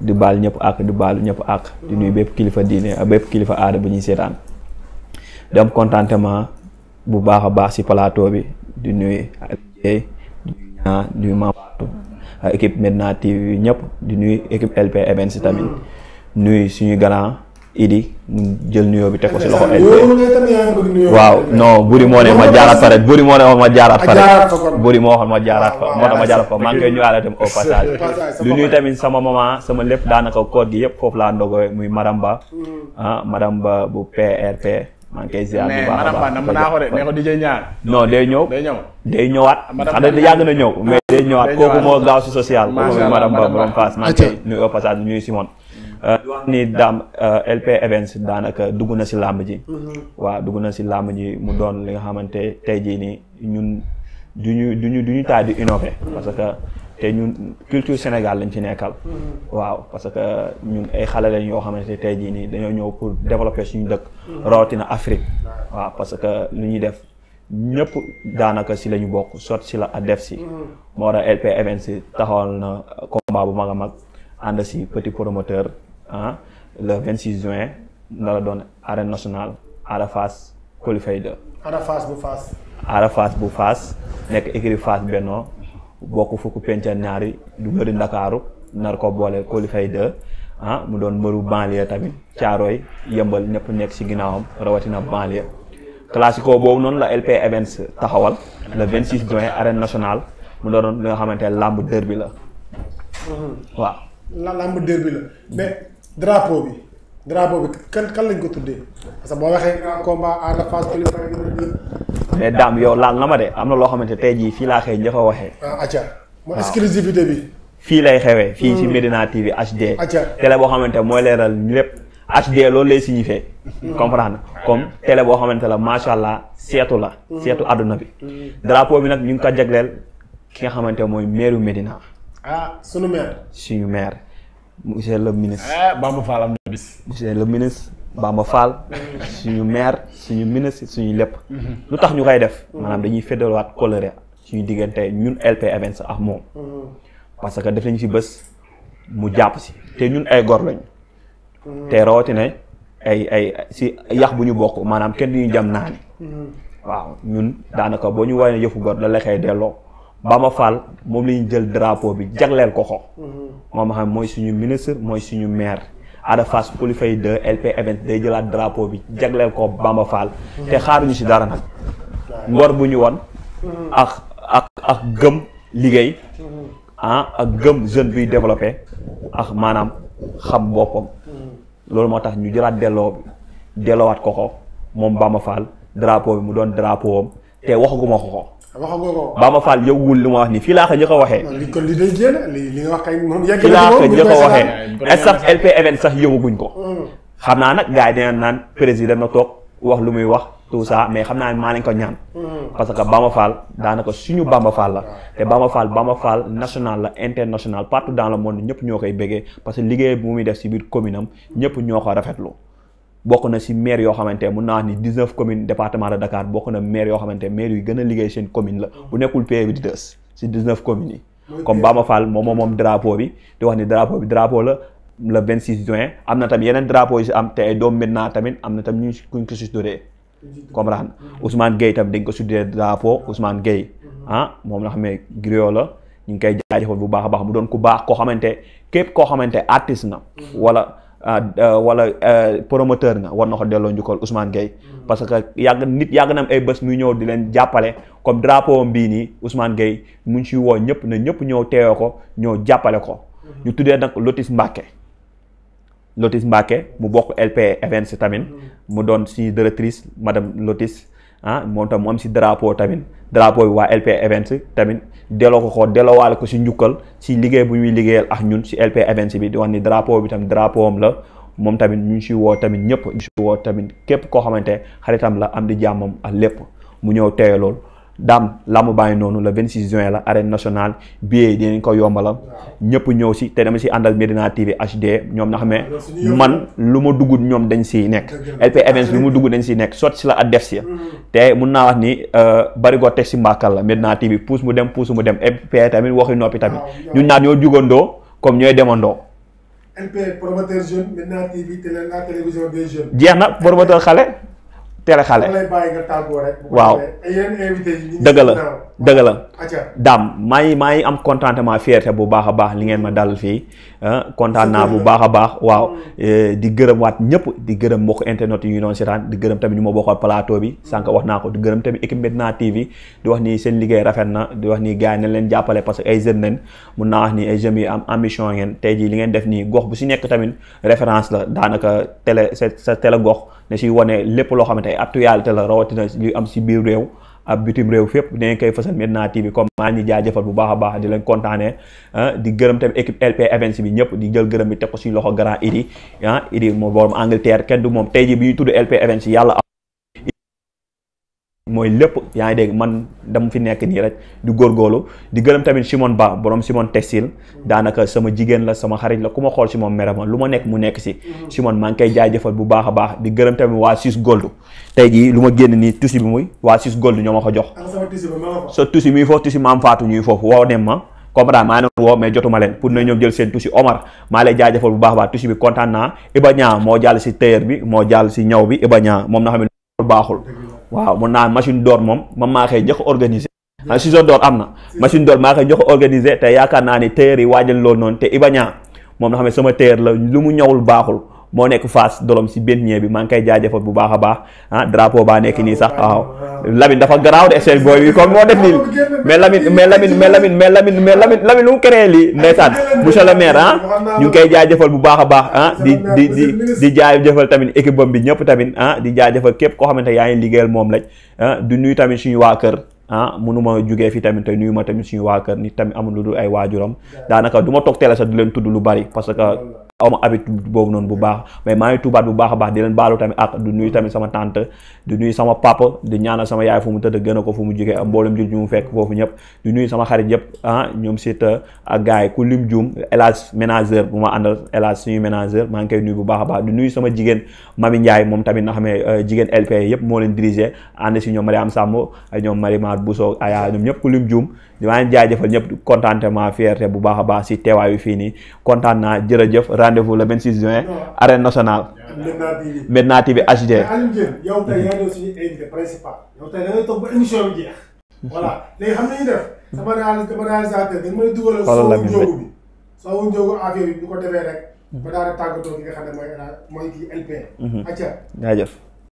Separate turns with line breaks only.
di baal ñëpp àq di baalu ñëpp àq di nuyu bépp kilifa diine bépp kilifa aada bu ñuy seetaan di am contentement bu baax a baax si palaato bi di nuyu Aliou di nuyu Mamadou Medina TV ñëpp di nuy équipe LP Events si tamit nuyu suñu grand idi mu jël nuyoo bi teg ko si loxo LB waaw non buri moo ne ma jaaraat ah, fa rek buri moo ne ma jaaraat fa rek moo tax ma jaaraat fa ah, maa ngi koy ñëwaale tamit sama maman sama lépp daanaka koor gi yëpp foofu laa ndogoo muy Maramba mm. ah Maramba bu PRP maa ngi a baax mais naa ko de ne day ñëw day ñëwaat ah, xam nga yàgg na ñëw mais day ñëwaat kooku moo gaaw si social kooku muy Maramba borom Fass maa ngi koy nuyu au passage nuyu di wax ni daam euh, LP Events daanaka dugg na si làmb ji. Mm-hmm. waaw dugg na si làmb ji mu doon li nga xamante tey jii nii ñun du ñu du ñu du di innover. Mm-hmm. parce que te ñun culture Sénégal lañ ci nekkal. Mm-hmm. waaw parce que ñun ay xale yoo xamante tey jii nii dañoo ñëw pour développer suñu dëkk. rawatina Afrique. waaw parce que lu ñuy def. ñëpp daanaka si lañu bokk sot si la a def si moo tax LP Events si taxawal na combat bu mag a mag ànd si petit promoteur ah le 26 juin na la doon arène nationale Ada Fass qualifié bu fas Ada bu fas nekk écurie Fass Benno bokk fukk penca ñaari du bëri Ndakaaru nar ko boole qualifié de mu doon mbëru banlieue tamit Caaroy yëmbal ñëpp nekk ci ginnaawam rawatina banlieue. classico boobu noonu la LP Events taxawal le 26 juin arène nationale mu doon li nga xamante ne làmb derby la. Mm-hmm. waaw. làmb derby la drapo bi drapeau bi kan kan lañ ko tuddee parce que boo waxee combat à la mais daam yow laal na ma de am na loo xamante tey jii fii laa xëy njëkk a waxee. ah acca fii lay xewee. Hmm. fii ci Medina TV HD. acca boo xamante mooy leeral lépp. HD loolu lay signifié. Hmm. comprendre comme télé boo xamante la macha allah seetu la. Hmm. seetu àdduna bi. drapo bi nag ñu ngi ko jagleel ki nga xamante mooy meeru Medina. ah sunu maire. suñu maire. monsieur le ministre. Eh, Bamba Fall am na bis. monsieur le ministre Bamba Fall. suñu maire suñu ministre suñu lépp. lu tax ñu koy def. maanaam dañuy fédérewaat coloré suñu diggante ñun LP Events ak moom. que def nañu fi bés mu jàpp si te ñun ay gor lañu. te rawatina ay ay si yax bu ñu bokk maanaam kenn du jam naani. Mm-hmm. waaw ñun daanaka boo ñu woowee ne yëfu gor la la koy delloo. Bamba Fall moom la jël drapeau bi jagleel ko ko. Mhm. moom xam mooy suñu ministre mooy suñu maire. Ada Fass Polifay 2 LP event day jëlaat drapeau bi jagleel ko Bamba Fall. Mhm. te xaaruñu si dara nag. ngor bu ñu won mhm. ak ak ak gëm liggéey. Ah, ak gëm jeune buy développé. ak maanaam xam boppam. loolu moo tax ñu jëlaat delloo bi ko ko moom Bamba Fall drapeau bi mu doon drapeau te waxaguma ko ko. waxagoo ko Bamba Fall yëgul lu ma wax nii fii laa ko njëkk waxee. kon li wax kay moom yegg fii laa ko njëkk a waxee. sax LP event sax yëguguñ ko. Hmm. xam naa nag gars yi dinañ naan président na toog wax lu muy wax tout mais xam naa ne maa leen ko ñaan. Hmm. parce que Bamba Fall daanaka suñu Bamba Fall la. te Bamba Fall Bamba Fall national la international partout dans le monde ñëpp ñoo koy bëggee parce que liggéey bu muy def si biir commune am ñëpp ñoo ko rafetlu. bokk na si maire yoo xamante mun naa wax ni 19 communes département de Dakar bokk na maire yoo xamante maire yu gën a liggéey seen commune la mm. bu nekkul PA bi di des si 19 communes yi comme Bamba Fall moom moom moom drapeau bi di wax ni drapeau bi drapeau la le 26 juin am na tamit yeneen drapeau yu si am te ay doom maintenant tamit am na tamit ñu kuñ ko si tuddee comprendre mm-hmm. Ousmane Gueye tamit dañ ko si tuddee drapeau Ousmane Gueye mm-hmm. ah moom la xam ne griot la ñu ngi koy jaajëfal bu baax a baax mu doon ku baax koo xamante képp koo xamante artiste na mm-hmm. wala Ah, ah, wala eh, promoteur nga war na ko delloo njukkal Ousmane Gueye mm. parce que yàgg nit yàgg na am ay bés muy ñëw di leen jàppale comme drapeau am bii nii Ousmane Gueye mu ngi si woo ñëpp na ñëpp ñëw teewoo ko ñëw jàppale ko mm-hmm. ñu tuddee nag Lotis Mbacke Lotis Mbacke mu bokk LP e events tamit mm-hmm. mu doon suñu directrice madame Lotis ah moo tax mu am si drapeau tamit drapeau bi waa LP Events tamit delloo ko ko delloowaale ko si njukkal si liggéey bu ñuy liggéeyal ak ñun si LP Events bi di wax ni drapeau bi tamit drapeau am la moom tamit ñu ngi si woo tamit ñëpp ñu si woo tamit képp koo xamante xaritam la am di jàmmam ak lépp mu ñëw teewe loolu daam làmb bàyyi noonu le 26 juin la arène nationale billet yi dinañ ko yombalal ñëpp ñëw si te dama si àndal Medina TV HD ñoom na xam man lu ma dugg ñoom dañ si nekk LP Events lu ma dugg dañ si nekk sot si la ak def si mm-hmm. te mun naa wax ni euh, barigo teg si mbàkkal la Medina TV puus mu dem puus mu dem LP tamit waxi noppi tamit ñun ñaar ñoo jugandoo comme ñooy demandoo LP promoteur jeune Medina TV xale tere xale. waaw dëgg la dëgg la. daam maa ngi maa ngi am contentement fierté bu baax a baax li ngeen ma dalal fii ah, kontaan naa bu baax a baax waaw mm. eh, di gërëm waat ñëpp di gërëm mbokk internet yi ñu seetaan di gërëm tamit ñu ma bokkal plateau bi sànq wax naa ko di gërëm tamit équipe Medina TV di wax ni seen liggéey rafet na di wax ni gars yi leen jàppale parce que ay jeunes nañ mun naa wax ni ay jeunes yi am ambition ngeen tey jii li ngeen def nii gox bu si nekk tamit référence la daanaka télé sa sa télé gox da ciy wane lépp loo xamante ay actualité la rawatina li am si biir réew ab bitim réew fépp dinañ koy fësal Medina TV comme maa ngi jaajëfal bu baax a baax di leen kontaanee ah, di gërëm tamit équipe LP Events bi ñëpp di jël gërëm bi teg ko si loxo grand Idi ah Idi moom borom Angleterre kenn du moom tey ji bi ñu tudd LP Events yàlla mooy lépp yaa ngi dégg man dama fi nekk nii rek di góorlu di gërëm tamit Simon Ba borom Simon Textile daanaka sama jigéen la sama xarit la ku ma xool si moom mere ma lu ma nekk mu nekk si Simon maa ngi koy jaajëfal bu baax a baax di gërëm tamit waa Suisse Gold tey jii lu ma génn nii tusi bi muy waa Suisse Gold ñoo ma ko jox sa tusi muy foofu tusi maam faatu ñuy foofu woo nem ma comprendre maa ngi woo mais jotuma leen pour na ñoom jël seen tusi Omar maa lay jaajëfal bu baax a baax tusi bi kontaan naa moo jàll si tailleur bi moo jàll si ñaw bi Iba moom na xam ne baaxul waaw mun naa machine d'or moom man maa koy njëkk organiser organisé. ah ciseau d'or am na. machine d'or maa koy njëkk a organisé te yaakaar naa ni téer yi waajal loolu noonu te Iba moom nga xam ne sama téer la lu mu ñawul baaxul. moo nekk fas dolom si benn ñee bi maa ngi koy jaajëfal bu baax a baax ah baa nekk nii sax waaw Lamine dafa garaaw de seen booy bi comme moo def nii mais Lamine mais Lamine mais Lamine mais Lamine mais Lamine Lamine lu mu créé lii ndeysaan monsieur le maire ah koy jaajëfal bu baax a baax ah di di di di jaajëfal tamit équipe bam bi ñëpp tamit ah di jaajëfal képp koo xamante yaa ngi liggéeyal moom lañ ah, du nuyu tamit suñu waa kër ah mënuma jógee fi tamit te nuyu ma tamit suñu waa kër ni tamit amul lu dul ay waajuram daanaka du ma toog télé sax leen tudd lu bari parce awma habitude boobu noonu bu baax mais maa ngi tuubaat bu baax a baax di leen baalu tamit ak du nuyu tamit sama tante du nuyu sama papa di a ko fu mu jógee mboolem jur du nuyu sama ah, bu ma àndal élage suñu ménageur maa ngi koy nuyu bu baax a baax du sama jigéen Mami Ndiaye moom tamit nga xam ne euh, jigéen LP yëpp moo leen dirigé ànd si ñoom Mariam Samb ñoom Marimar Bousso Aya ñoom ñëpp ku lim juum di maa leen jaajëfal ñëpp contentement fierté bu baax a baax si teewaayu fii nii kontaan naa jërëjëf rendez-vous le 26 juin. arène nationale. Médina TV HD. yow tey yaa ngi suñu invité principal. yow tey da ngay ba émission bi jeex. voilà léegi xam nañu def. sama réalisateur dañu may dugalal. soowu njóogu bi soowu njóogu affaire bi bu defee rek. ba daal di tàggatoo gi nga xam ne mooy mooy kii LP. Mhm. acca jaajëf.